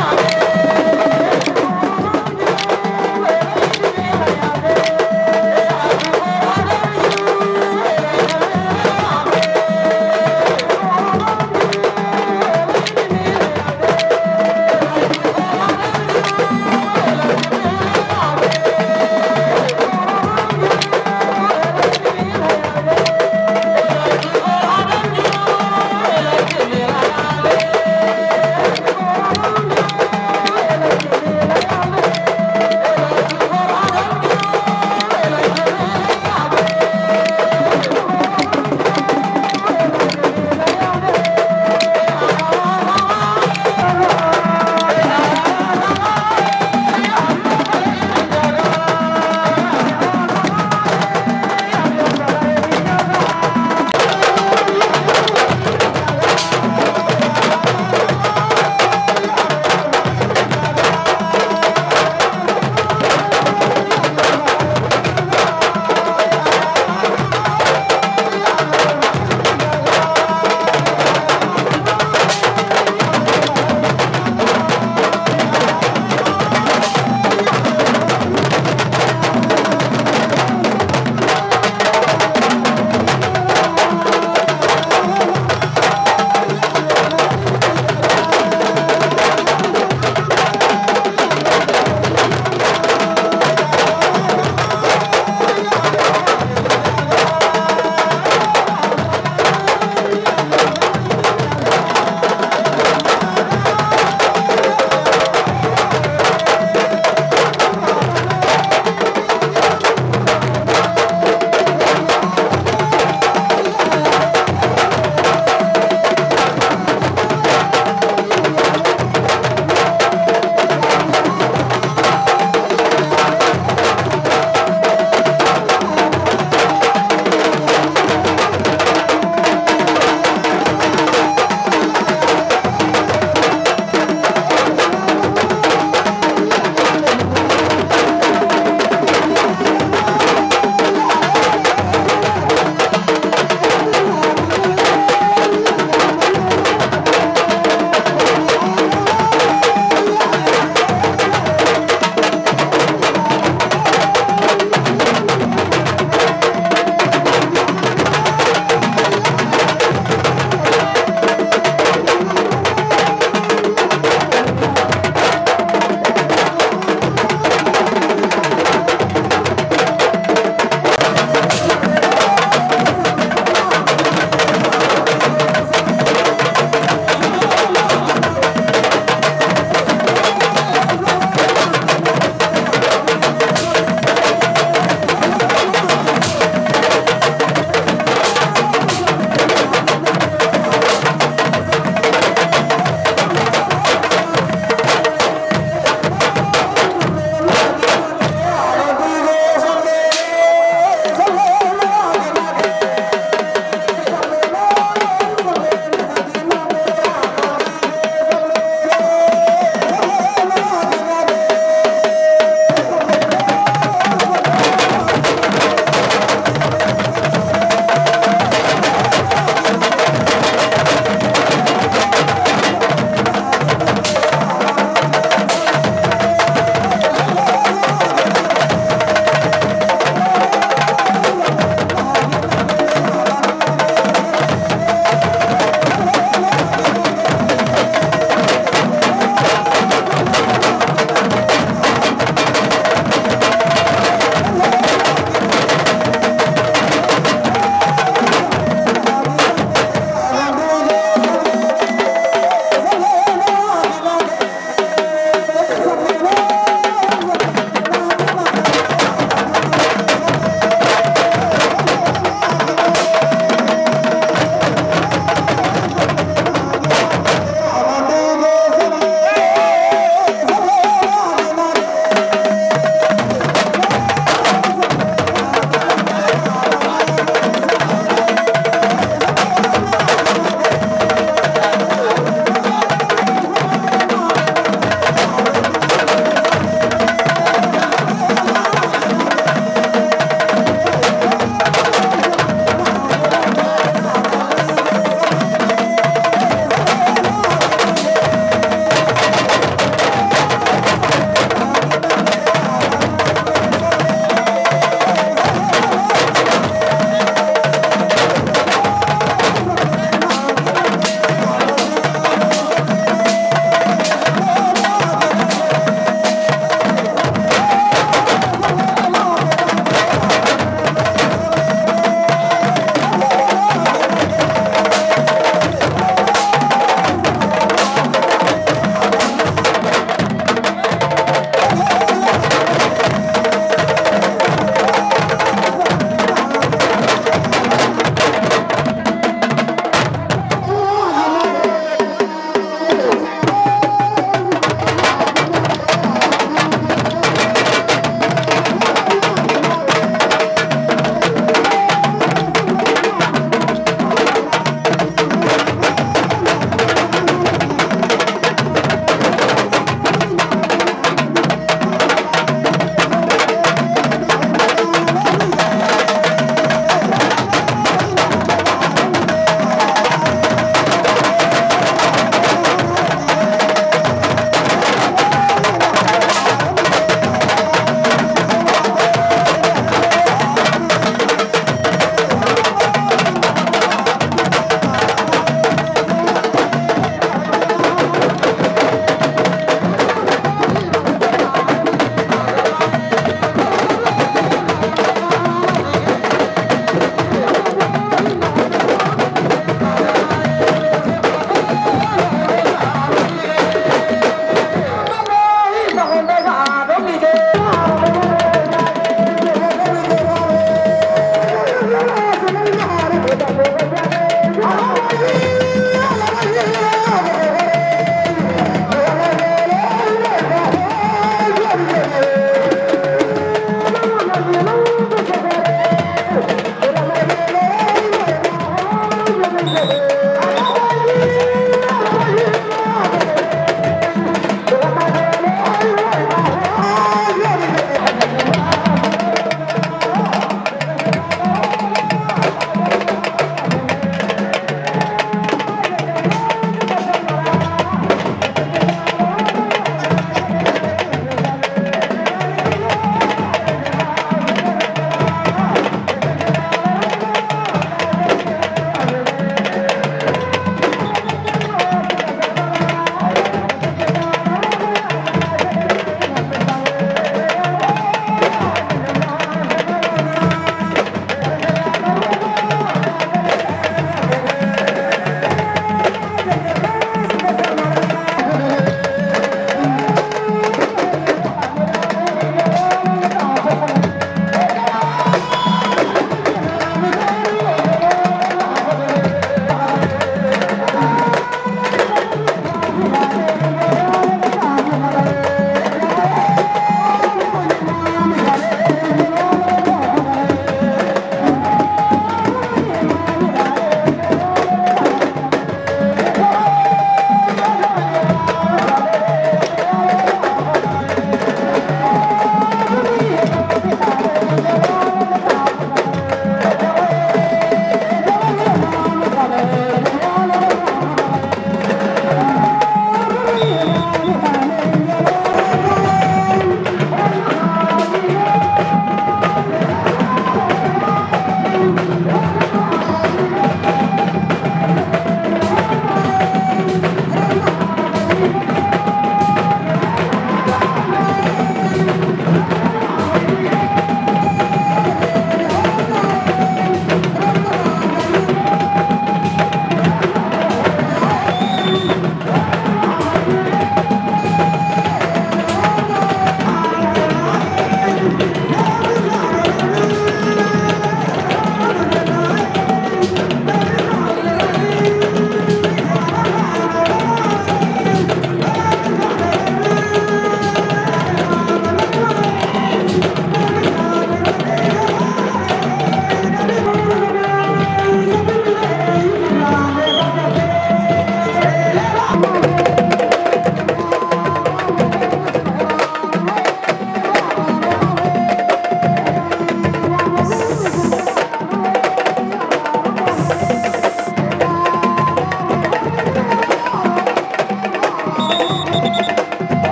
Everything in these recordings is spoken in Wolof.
Bravo!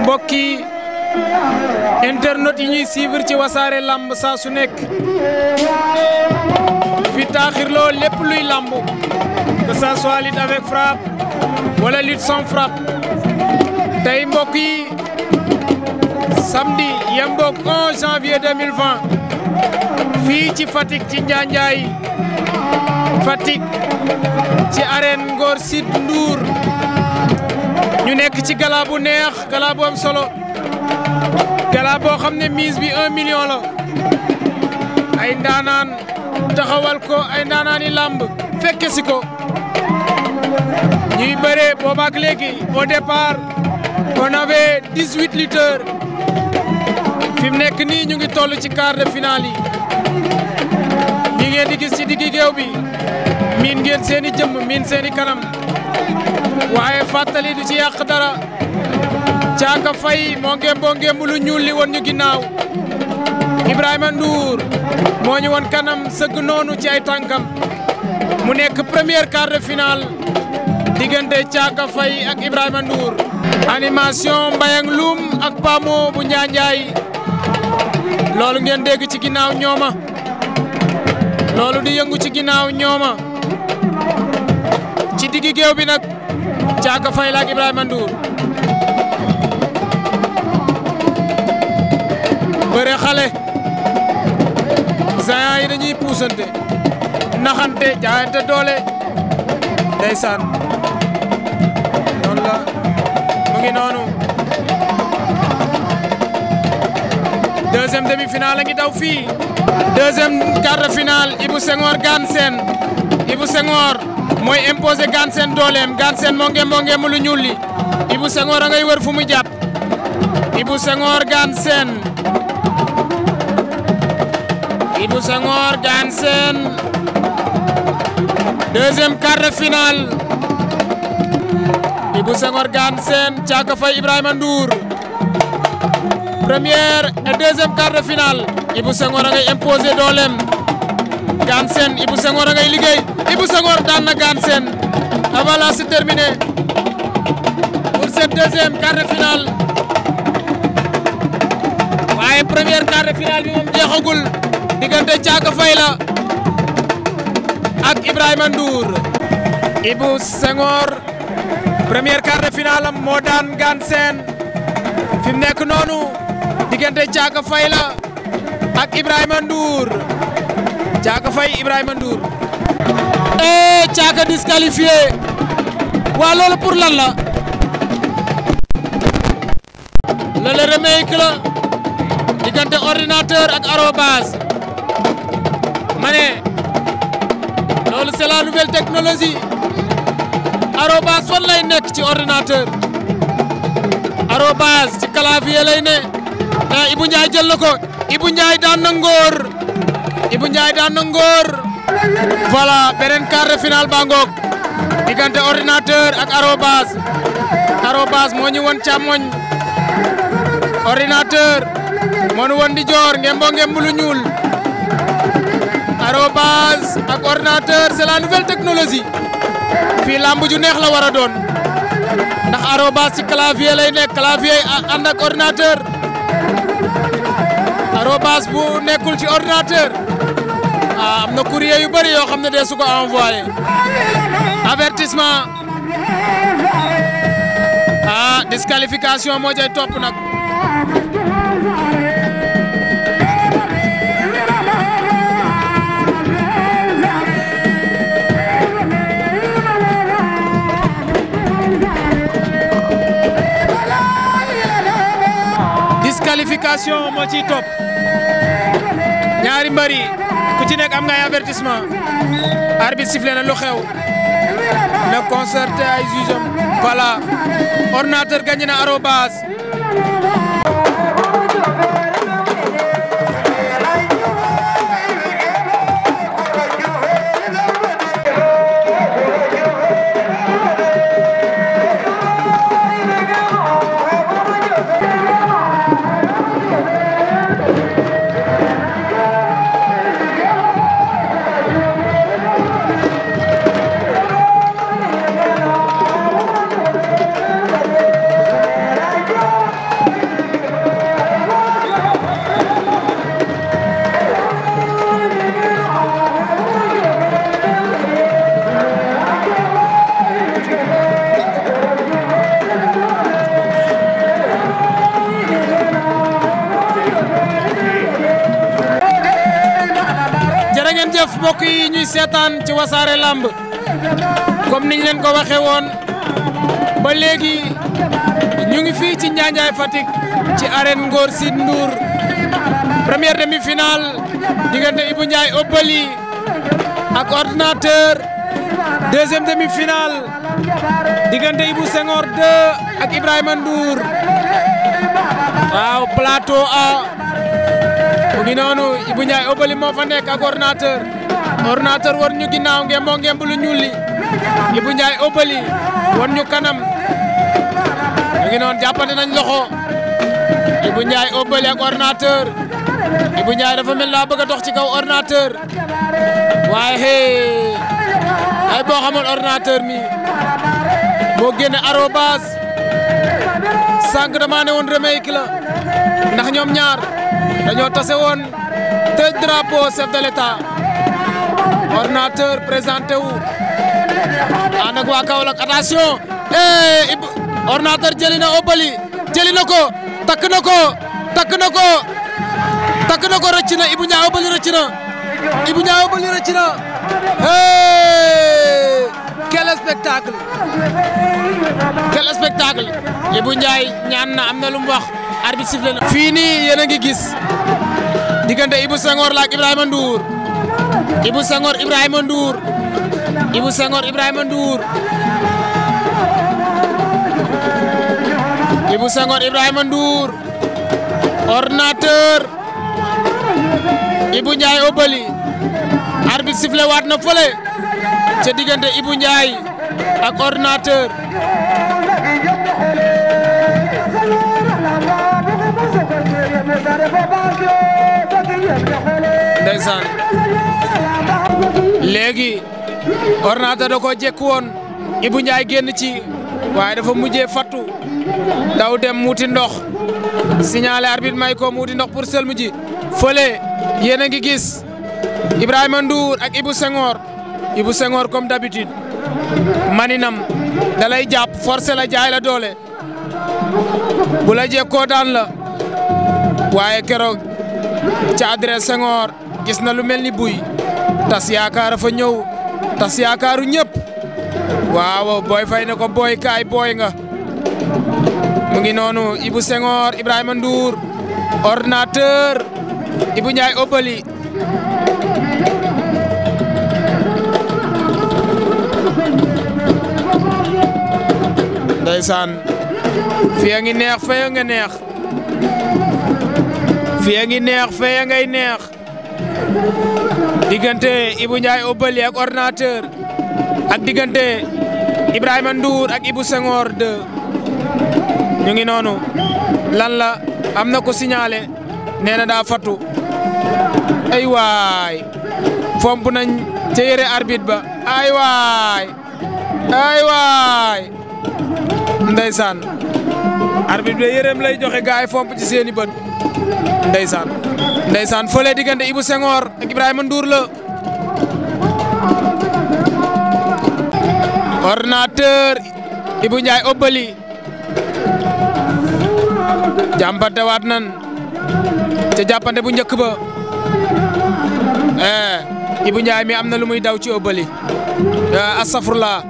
mbokki internet yi ñuy suivre ci wasaare lamb saa su nekk fi taaxirloo lépp luy lamb que ça soit avec frappe wala lutte sans frappe tey mbokk yi samedi yemboog 11 janvier fii ci Fatick ci Njaanjaay Fatick ci arène Ngor Sid ci galaa bu neex gala bu am solo gala boo xam ne miis bi un million la ay ndaanaan taxawal ko ay ndaanaan i làmb fekke si ko ñuy bëree boobaak léegi au départ on avait dix-huit lutteurs fi mu nekk nii ñu ngi toll ci quart de finale yi ñi ngeen di gis ci diggi géew bi miin ngeen seen i miin seeni i kanam waaye fàttali du ci yàq dara Caaka Faye moo ngeen boo lu ñuul li woon ñu ginnaaw Ibrahima Ndour moo ñu woon kanam sëgg noonu ci ay tànkam mu nekk première quart de finale diggante Caaka Faye ak Ibrahima Ndour. animation Mbayang Loum ak Pamo bu Njaanjaay loolu ngeen dégg ci ginnaaw ñooma loolu di yëngu ci ginnaaw ñooma ci diggi géew bi nag. Caaka Faye la ak Ibrahima Ndour xale zayan yi dañuy puusante naxante jaayante doole ndeysaan noonu la mu ngi noonu deuxième demi-finale a ngi daw fii deuxième quart de finale Ibou Senghor Gane Sène Ibou Senghor mooy imposé gaan seen dooleem gaan seen mu lu ñuul li Ibou Senghor a ngay wër fu mu jàpp Ibou Senghor gaan seen Ibou Senghor gaan seen deuxième quart de finale Ibou Senghor gaan seen Thiaka Faye Ibrahima Ndour première et deuxième quart de finale Ibou Senghor a ngay imposé dooleem gaan seen Ibou Senghor a ngay Ibou Senghor daan na gaan seen avant la pour cette deuxième quart finale waaye première quart finale bi moom jeexagul diggante Thiaka Faye la ak Ibrahima Ndour Ibou Senghor première quart de finale moo daan gaan seen fi mu nekk noonu diggante Thiaka Faye la ak Ibrahima Ndour Thiaka Faye Ibrahima Ndour eh Thiaka disqualifié waa loolu pour lan la lele remake la diggante ordinateur ak arobase ma ne loolu c'est la nouvelle technologie fan lay nekk ci ordinateur arobase ci clavier lay ne ah, Ibu Ndiaye jël na ko Ibu Ndiaye daan na ngóor Ibu Ndiaye daan na ngóor voilà beneen quart de finale baa ngoog diggante ordinateur ak arobase arobase moo ñu woon càmmoñ ordinateur moo ñu won di joor ngembo ngemb lu ñuul arobase ak ordinateur c'est la nouvelle fii làmb ju neex la war a doon ndax arobase ci clavier lay nekk clavier ànd ak ordinateur arobase bu nekkul ci ordinateur ah am na courrier yu bëri yoo xam na dee su ko envoyé avertissement ah disqualification moo cay topp ñaari mbër ku ci nekk am nga ay avertissement arbitre sifflé na lu xew na concerté ay jugeam voilà ordinateur gagné na arobase wasaare lamb comme niñ leen ko waxe ba léegi ñu ngi fii ci Njaanjaay fatik ci arène Ngor Sine Ndour première demi-finale diggante Ibou Ndiaye Obali ak ordinateur deuxième demi-finale diggante Ibou Senghor 2 waaw plateau A mu ngi noonu Ibou Ndiaye moo fa nekk ak ordinateur ordinateur war ñu ginnaaw ngeen moo ngeen lu ñuul li Ibou Obali war ñu kanam ñu ngi noonu jàppante nañ loxo Ibou Ndiaye Obali ak ordinateur Ibou Ndiaye dafa laa bëgg a dox ci kaw ordinateur waaye hey ay boo xamoon ordinateur mi moo génne arobase sànq damaa ne woon remake la ndax ñoom ñaar dañoo tase woon te drapeau chef de ordinateur présenté wu ànd ak waa Kaolack attention eh ordinateur jëli na Obali jëli na ko takk na ko takk na ko takk na ko Obali rëcc na Ibou Niang Obali rëcc na eh quel spectacle wax arbitre sifflé na. fii nii yéen ngi gis diggante Ibou Senghor la ak Ibrahima Ibou Senghor Ibrahima Ndour Ibou Senghor Ibrahima Ndour Ibou Senghor Ibrahima Ndour ordinateur Ibou Ndiaye Obali arbitre sifflé waat na fële ca diggante Ibou Ndiaye ak ordinateur léegi ordinateur da koo jékku woon Ibou Ndiaye génn ci waaye dafa mujjee fattu daw dem wuti ndox signalé arbitre may ko mu wuti ndox pour sëlmu ji fële yéen a ngi gis Ibrahima Ndour ak Ibou Senghor Ibou Senghor comme d'habitude maninam da jàpp forcé la jaay la doole bu la jekkoo daan la waaye keroog ca adresse Senghor gis na lu mel ni buy tas yaakaar fa ñëw tas yaakaaru ñëpp waaw booy fay ne ko booy kaay booy nga mu ngi noonu Ibou Senghor Ibrahima Ndour ordinateur Ibou Ndiaye Obali ndeysaan fii ngi neex fee nga neex fii ngi neex fee ngay neex diggante Ibou Ndiaye Obali ak ordinateur ak diggante Ibrahima Ndour ak Ibou Senghor 2 ñu ngi noonu lan la am na ko signalé nee daa fatu ay waay fomp nañ ca yére arbitre ba ay waay ay waay ndeysaan arbitre bi yéreem lay joxe gaay fomp ci seeni bët ndeesaan ndeysaan fële diggante Ibou Senghor ak Ibrahima Ndour la ordinateur Ibou Ndiaye Obali jàmpante waat nan ca jàppante bu njëkk ba eh Ibou mi am na lu muy daw ci Obali eh, asafurla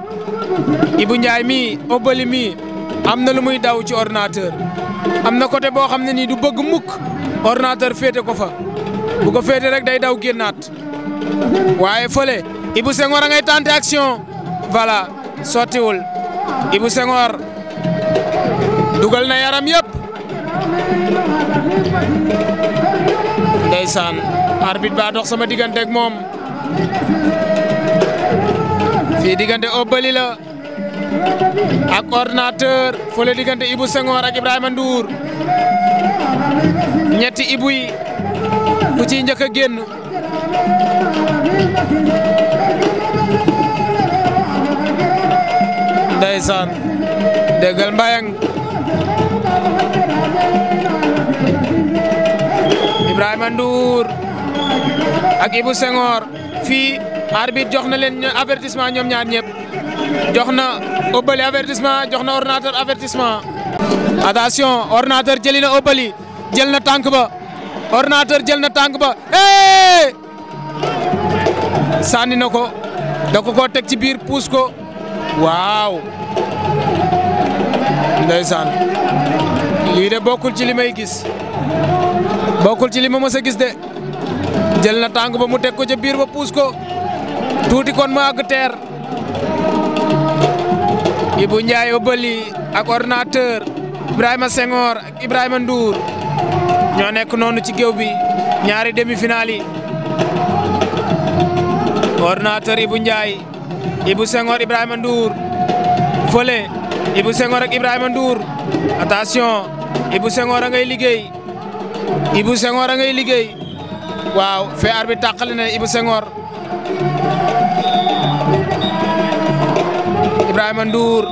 Ibou Ndiaye mi Obali mi am na lu muy daw ci ordinateur am na côté boo xam ne nii du bëgg mukk ordinateur féete ko fa bu ko féete rek day daw génnaat waaye fële Ibou Senghor a ngay tenté action voilà sottiwul Ibou Senghor dugal na yaram yëpp ndeysaan arbitre ba dox sama diggante ak moom fii diggante Obali ak ordinateur fële diggante Ibou Senghor ak Ibrahima Ndour ñetti Ibou ku ciy njëkk a génn ndeysaan déggal mbayang Ibrahima Ndour ak Ibou Senghor fii arbitre jox na leen avertissement ñoom ñaar ñëpp jox na Obali avertissement jox na ordinateur avertissement attention ordinateur jëli na Obali jël na tànk ba ordinateur jël na tànk ba eh sànni na ko da ko koo ci biir puus ko waaw ndeysaan lii de bokkul ci li may gis bokkul ci lima ma gis de jël na tànk ba mu teg ko ca biir ba puus ko tuuti kon ma àgg teer Ibou Ndiaye Obali ak ordinateur Ibrahima Senghor ak Ibrahima Ndour ñoo nekk noonu ci géew bi ñaari demi-finale yi ordinateur njaay Ndiaye Ibou Senghor Ibrahima Ndour fële Ibou ak Ibrahima Ndour attention Ibou Senghor a ngay liggéey Ibou Senghor a ngay liggéey waaw fee bi tàqale na Ibou Senghor Ibrahima Ndour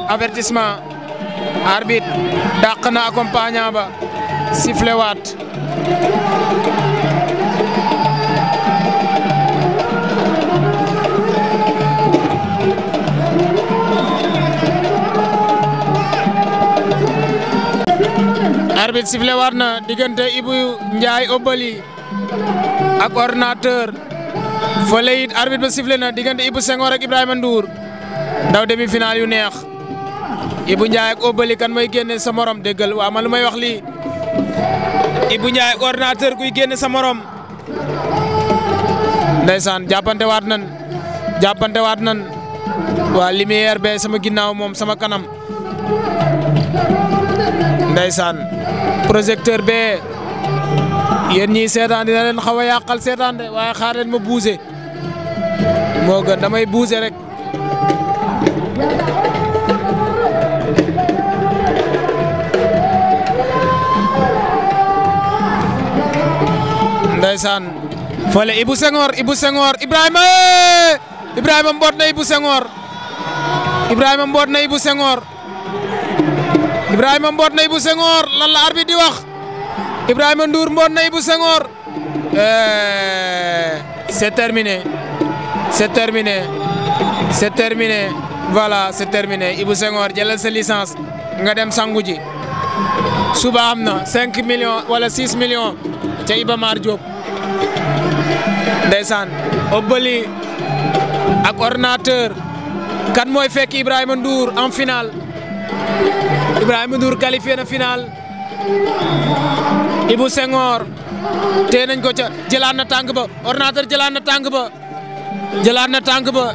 dàq na accompagnant ba sifflé na diggante Ibou Ndiaye Obali ak ordinateur fële it ba sifflé na diggante Ibou Senghor ak Ibrahima Ndour ndaw demi-finale yu neex Ibou Ndiaye ak Obali kan mooy génne sa morom déggal waa ma lu may wax lii Ibou Ndiaye ak ordinateur kuy génne sa morom ndeysaan jàppante waat nan jàppante waat nan waa lumière be sama ginnaaw moom sama kanam ndeysaan projecteur be yéen ñii seetaan dina leen xaw a yàqal seetaan de waaye xaar leen ma buuse moo gën damay buuse rek ndeysaan fole Ibou Senghor Ibou Senghor Ibrahima eh! Ibrahima mboot na Ibou Senghor Ibrahima mboot na Ibou Senghor Ibrahima mboot na Ibou Senghor lan la di wax Ibrahima Ndour mboot na Ibou Senghor eh, c'est terminé c'est terminé c'est terminé voilà c'est terminé Ibou Senghor jëlal sa licence nga dem sangu ji suba am na 5 millions wala 6 millions ca Iba Mar Diop ndeysaan Obali ak ordinateur kan mooy fekk Ibrahima Ndour en finale Ibrahima Ndour qualifié na finale Ibou Senghor tee nañ ko ca jëlaat na tànk ba ordinateur jëlaat na tànk ba jëlaat na tànk ba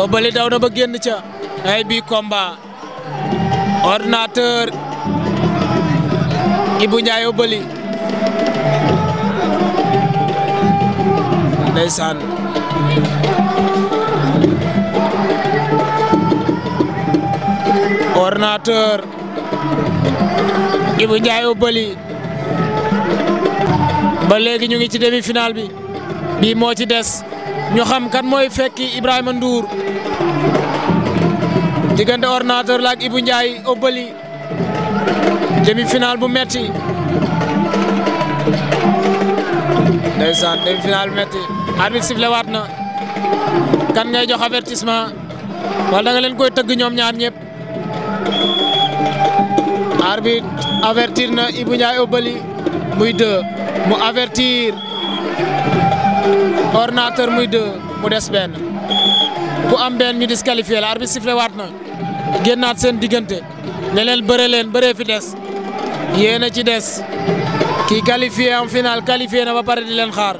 Obeuly daw ba génn ca ay bi komba ordinateur Ibou Ndiaye Obeuly ndeysaan ordinateur Ibou ba léegi ñu ngi ci demi-finale bi bii moo ci des ñu xam kan mooy fekki Ibrahima Ndour diggante ordinateur la ak Ibou Ndiaye demi-finale bu metti ndeysaan demi-finale na kan ngay jox avertissement wala da leen koy tëgg ñoom ñaar ñëpp arbitre avertir na Ibou Ndiaye Obali muy deux mu avertir ordinateur muy deux mu des benn ku am benn ñu disqualifié la arbitre sifflé waat na génnaat seen diggante ne leen bëre leen bëree fi des yéen a ci des kii qualifié en finale qualifié ba pare di leen xaar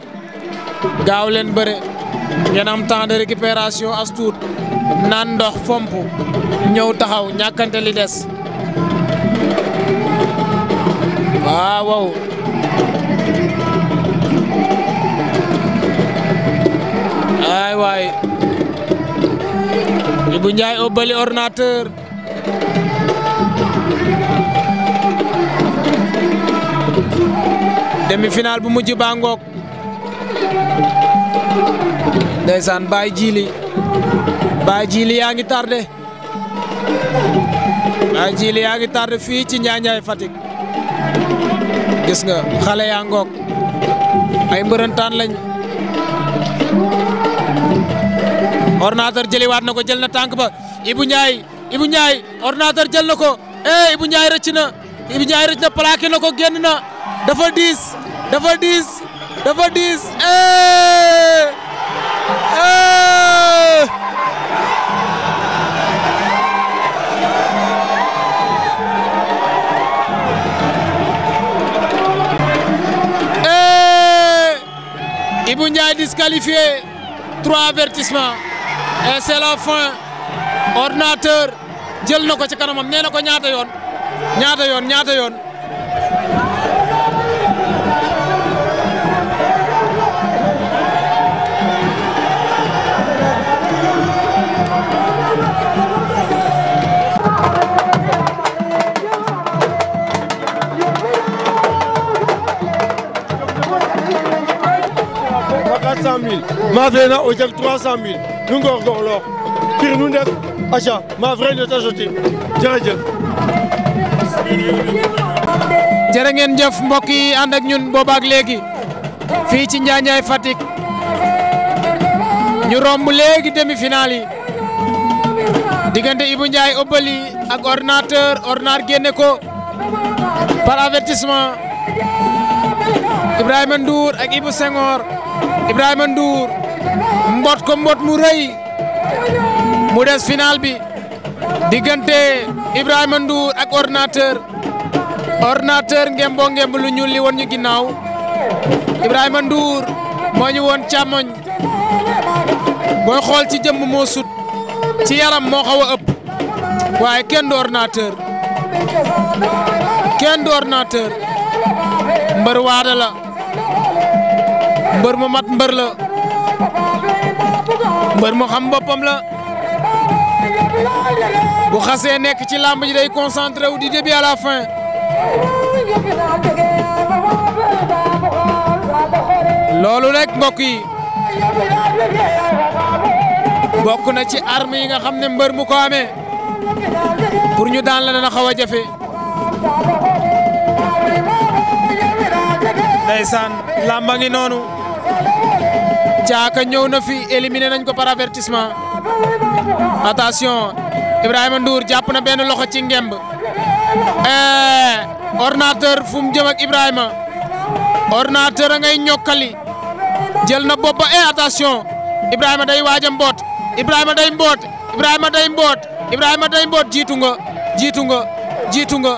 gaaw leen bëre ngeen temps de récupération as tuut ndox fomp ñëw taxaw ñàkkante li des waaw bu Ndiaye Obali ordinateur demi bu mujj ba ngoog ndeysaan Baye Djili Baye Djili yaa ngi tardé Baye Djili yaa ngi tardé fii ci Njaañaay fatik gis nga xale yaa ngoog ay mbërëntaan lañ ordinateur jëliwaat na ko jël na tànk ba Ibou Ndiaye Ibou Ndiaye ordinateur jël na ko eh Ibou Ndiaye rëcc na Ibou Ndiaye rëcc na plaqué na ko génn na dafa diis dafa diis dafa diis eh eh, eh. Ibou Ndiaye disqualifié trois et c'est fin ordinateur jël na ko ci kanamam nee na ko ñaata yoon ñaata yoon ñaata yoon maa fee na au jag 300 000 nu góorgóorloo ngir nu def acca ma vrai de tajoti jërëjëf ngeen jëf mbokk yi ànd ak ñun boobaak léegi fii ci Njaañaay Fatick ñu romb léegi demi-finale yi diggante Ibou Ndiaye Obali ak ordinateur ordinateur génne ko par avertissement Ibrahima Ndour ak Ibou Senghor Ibrahima Ndour mbot ko mbot mu rëy mu des final bi diggante Ibrahima Ndour ak ordinateur ordinatër ngem boo lu ñuul li woon ñu ginnaaw Ibrahima Ndour moo ñu woon càmmoñ booy xool ci jëmm moo sut ci yaram moo xaw ëpp waaye kenn du ordinateur kenn du ordinateur mbër waada la mbër mu mat mbër la mbër mu xam boppam la bu xasee nekk ci làmb ji day concentré wu di début à la fin loolu rek mbokk yi bokk na ci arme yi nga xam ne mbër mu ko amee pour ñu daan la dana xaw a jafe ndeysaan làmba ngi noonu Diaka ñëw na fi éliminé nañ ko par avertissement attention Ibrahima Ndour jàpp na benn loxo ci ngemb eh, ordinateur fu mu jëm ak Ibrahima ordinateur a ngay ñokkali jël na bopp ba eh attention Ibrahima day waaja mboot Ibrahima day mboot Ibrahima day mboot Ibrahima day mboot jiitu nga jiitu nga jiitu nga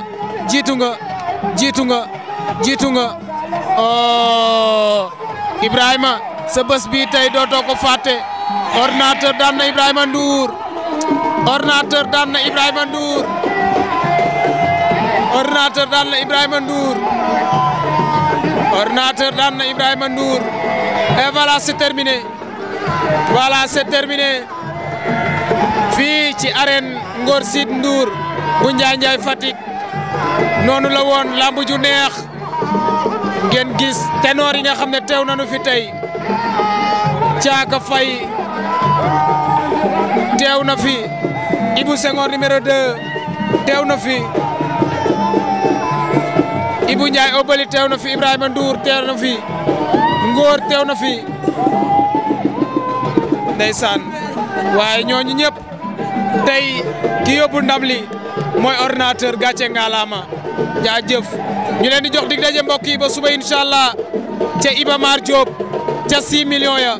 jiitu nga jiitu nga jiitu nga oh Ibrahima. sa bii tey dootoo ko fàtte ordinateur daan na Ibrahima Ndour ordinateur daan na Ibrahima Ndour ordinateur daan na Ibrahima Ndour ordinateur daan na Ibrahima Ndour et voilà c'est fii ci arène Ngor Siid Ndour bu Njaay Njaay Fatick noonu la woon lamb ju neex ngeen gis ténor yi nga xam ne teew nañu fi tey Thiaka Faye teew na fi Ibou Senghor numéro 2 teew na fi Ibou Ndiaye Obali teew na fi Ibrahima Ndour teew na fi Ngor teew na fi ndeysaan waaye ñooñu ñëpp tey ki yóbbu ndam li mooy ordinateur gàcce ngalaama jaajëf ñu leen di jox dig daje mbokk yi ba suba incha ca Iba Mar Diop. ca 6 million ya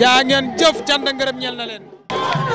jaa ngeen jëf cant ngërëm ñel na leen